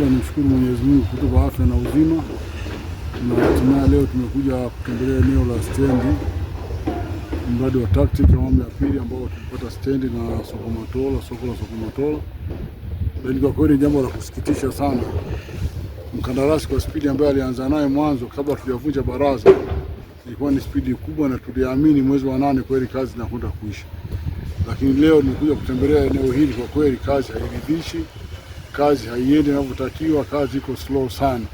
Nimshukuru Mwenyezi Mungu kutupa afya na uzima, na hatimaye leo tumekuja kutembelea eneo la stendi, mradi wa TACTIC awamu ya pili ambao tumepata stendi na Matola, soko la Sokomatola. Lakini kwa kweli jambo la kusikitisha sana, mkandarasi kwa spidi ambayo alianza naye mwanzo kabla tujavunja baraza ilikuwa ni spidi kubwa, na tuliamini mwezi wa nane kweli kazi inakwenda kuisha, lakini leo nimekuja kutembelea eneo hili, kwa kweli kazi hairidhishi kazi haiendi inavyotakiwa, kazi iko slow sana,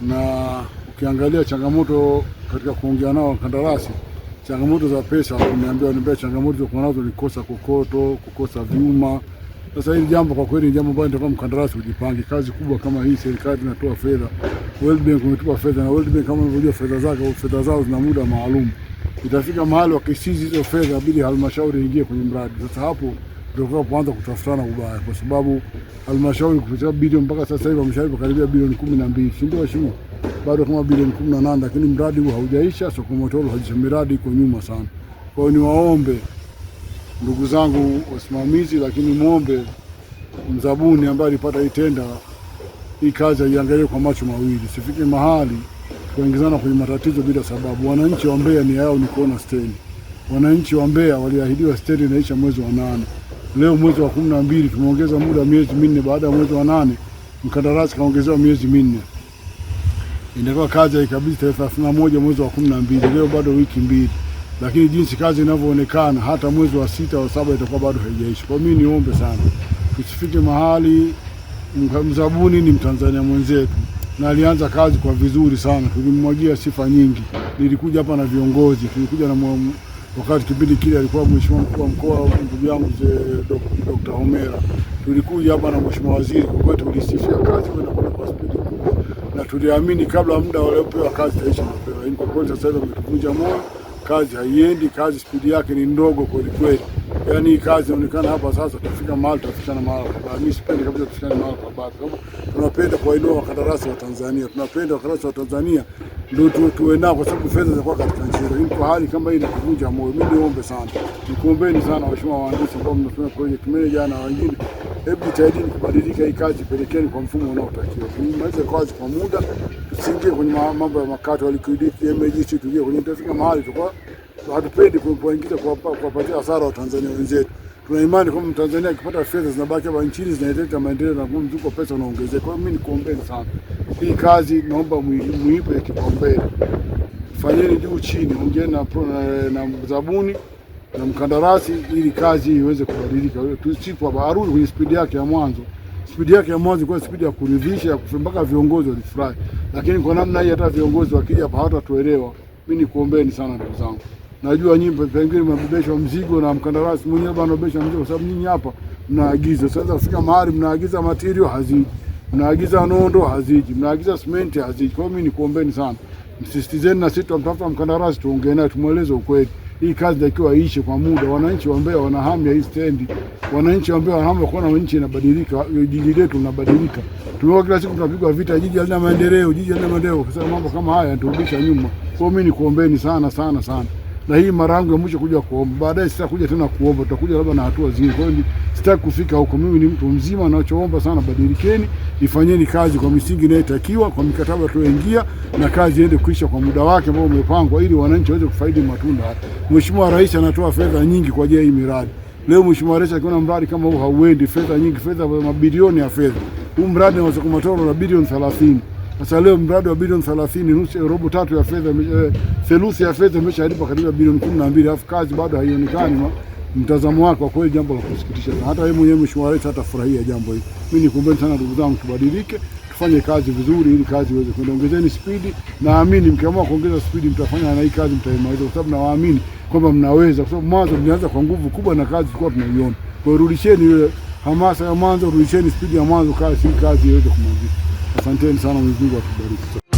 na ukiangalia changamoto katika kuongea nao kandarasi, changamoto za pesa wameniambia, niambia changamoto za nazo ni kukosa kokoto, kukosa vyuma. Sasa hili jambo kwa kweli ni jambo ambalo nitakuwa mkandarasi ujipange. Kazi kubwa kama hii, serikali inatoa fedha, World Bank umetupa fedha, na World Bank kama unavyojua fedha zake fedha zao zina muda maalum, itafika mahali wakisizi hizo fedha, bidi halmashauri ingie kwenye mradi. Sasa hapo tutakapoanza kutafutana ubaya, kwa sababu halmashauri kupitia bilioni mpaka sasa hivi halmashauri karibia bilioni kumi na mbili, si ndio waheshimiwa? Bado kama bilioni kumi na nane, lakini mradi huu haujaisha. Sokomotoro hajaisha, miradi iko nyuma sana. Kwa hiyo niwaombe ndugu zangu wasimamizi, lakini muombe mzabuni ambaye alipata itenda hii kazi aiangalie kwa macho mawili, sifike mahali kuingizana kwenye matatizo bila sababu. Wananchi wa Mbeya nia yao ni kuona stendi. Wananchi wa Mbeya waliahidiwa stendi inaisha mwezi wa nane. Leo mwezi wa kumi na mbili tumeongeza muda miezi minne, baada ya mwezi wa nane mkandarasi kaongezewa miezi minne. inakuwa kazi haikabidhi tarehe thelathini na moja mwezi wa kumi na mbili, leo bado wiki mbili, lakini jinsi kazi inavyoonekana hata mwezi wa sita au saba itakuwa bado haijaisha. Kwa mimi niombe sana tusifike mahali, mzabuni ni mtanzania mwenzetu na alianza kazi kwa vizuri sana, tulimwagia sifa nyingi. Nilikuja hapa na viongozi, tulikuja na wakati kipindi kile alikuwa mheshimiwa mkuu wa mkoa ndugu yangu Dr. Homera, tulikuja hapa na mheshimiwa waziri, kwa kweli tulisifia kazi inakwenda kwa spidi kubwa, na tuliamini kabla muda waliopewa kazi taisha mapema, lakini kwa kweli sasa hivi wametuvunja moyo, kazi haiendi, kazi spidi yake ni ndogo kweli kweli. Yaani kazi inaonekana hapa sasa, tufika mahali tutafikana mahali pabaya. Mimi sipendi kabisa tufikane mahali pabaya. Tunapenda kuwainua wakandarasi wa Tanzania, tunapenda wakandarasi wa Tanzania ndio tuwe nao, kwa sababu fedha zinakuwa katika nchi yetu. Kwa hali kama hii inakuvunja moyo. Mimi niombe sana, nikuombeni sana waheshimiwa waandishi ambao mnafanya project manager na wengine, hebu jitahidini kubadilika hii kazi, pelekeni kwa mfumo unaotakiwa, tumalize kazi kwa muda, tusiingie kwenye mambo ya makato alikwidiki emergency, tujie kwenye tafika mahali tukwa hatupendi kuingiza kuwapatia hasara Watanzania wenzetu tuna imani kwamba Mtanzania akipata fedha zinabaki hapa nchini zinaleta maendeleo na mzunguko pesa unaongezeka. Kwa hiyo mimi nikuombeni sana, hii kazi naomba muipe kipaumbele, fanyeni juu chini, ongeeni na, na zabuni na mkandarasi ili kazi iweze kubadilika. tusipo Arudi kwenye spidi yake ya mwanzo. Spidi yake ya mwanzo kwa spidi ya kuridhisha, ya mpaka viongozi walifurahi, lakini kwa namna hii hata viongozi wakija hapa hawatatuelewa. Mimi nikuombeni sana ndugu zangu najua nyinyi pengine mnabebesha mzigo na mkandarasi mwenyewe bwana anabebesha mzigo, kwa sababu nyinyi hapa mnaagiza. Sasa kufika mahali mnaagiza matirio haziji, mnaagiza nondo haziji, mnaagiza simenti haziji. Kwa hiyo mimi nikuombeni sana, msisitizeni na sisi tutamtafuta mkandarasi, tuongee naye, tumweleze ukweli. Hii kazi takiwa iishe kwa muda. Wananchi wa Mbeya wana hamu ya hii stendi, wananchi wa Mbeya wana hamu kuona nchi inabadilika, jiji letu linabadilika. Tumeona kila siku tunapigwa vita, jiji halina maendeleo, jiji halina maendeleo. Kwa sababu mambo kama haya yanaturudisha nyuma. Kwa hiyo mimi nikuombeni sana sana sana na hii mara yangu ya mwisho kuja kuomba. Baadaye sitakuja tena kuomba, tutakuja labda na hatua zingine. Kwa hiyo sitaki kufika huko. Mimi ni mtu mzima, nachoomba sana, badilikeni, ifanyeni kazi kwa misingi inayotakiwa, kwa mikataba tulioingia, na kazi iende kuisha kwa muda wake ambao umepangwa, ili wananchi waweze kufaidi matunda haya. Mheshimiwa Rais anatoa fedha nyingi kwa ajili ya miradi. Leo Mheshimiwa Rais akiona mradi kama huu hauendi, fedha nyingi, fedha mabilioni ya fedha, huu mradi wa Sokomatoro na bilioni thelathini sasa leo mradi wa bilioni 30 robo tatu ya fedha eh, theluthi ya fedha imeshalipa katika bilioni 12, alafu kazi bado haionekani. Mtazamo wako kwa kweli, jambo la kusikitisha. sana. Hata yeye mwenyewe mheshimiwa rais hatafurahia jambo hili. Mimi nikuombeni sana ndugu zangu, tubadilike tufanye kazi vizuri ili kazi iweze kwenda. Ongezeni spidi, naamini mkiamua kuongeza spidi mtafanya na hii kazi mtaimaliza, kwa sababu nawaamini kwamba mnaweza, kwa sababu mwanzo mlianza kwa nguvu kubwa na kazi tulikuwa tunaiona. Kwa hiyo rudisheni ile hamasa ya mwanzo, rudisheni spidi ya mwanzo, kazi hii kazi iweze kumalizika. Asanteni sana, Mwenyezi Mungu atubariki.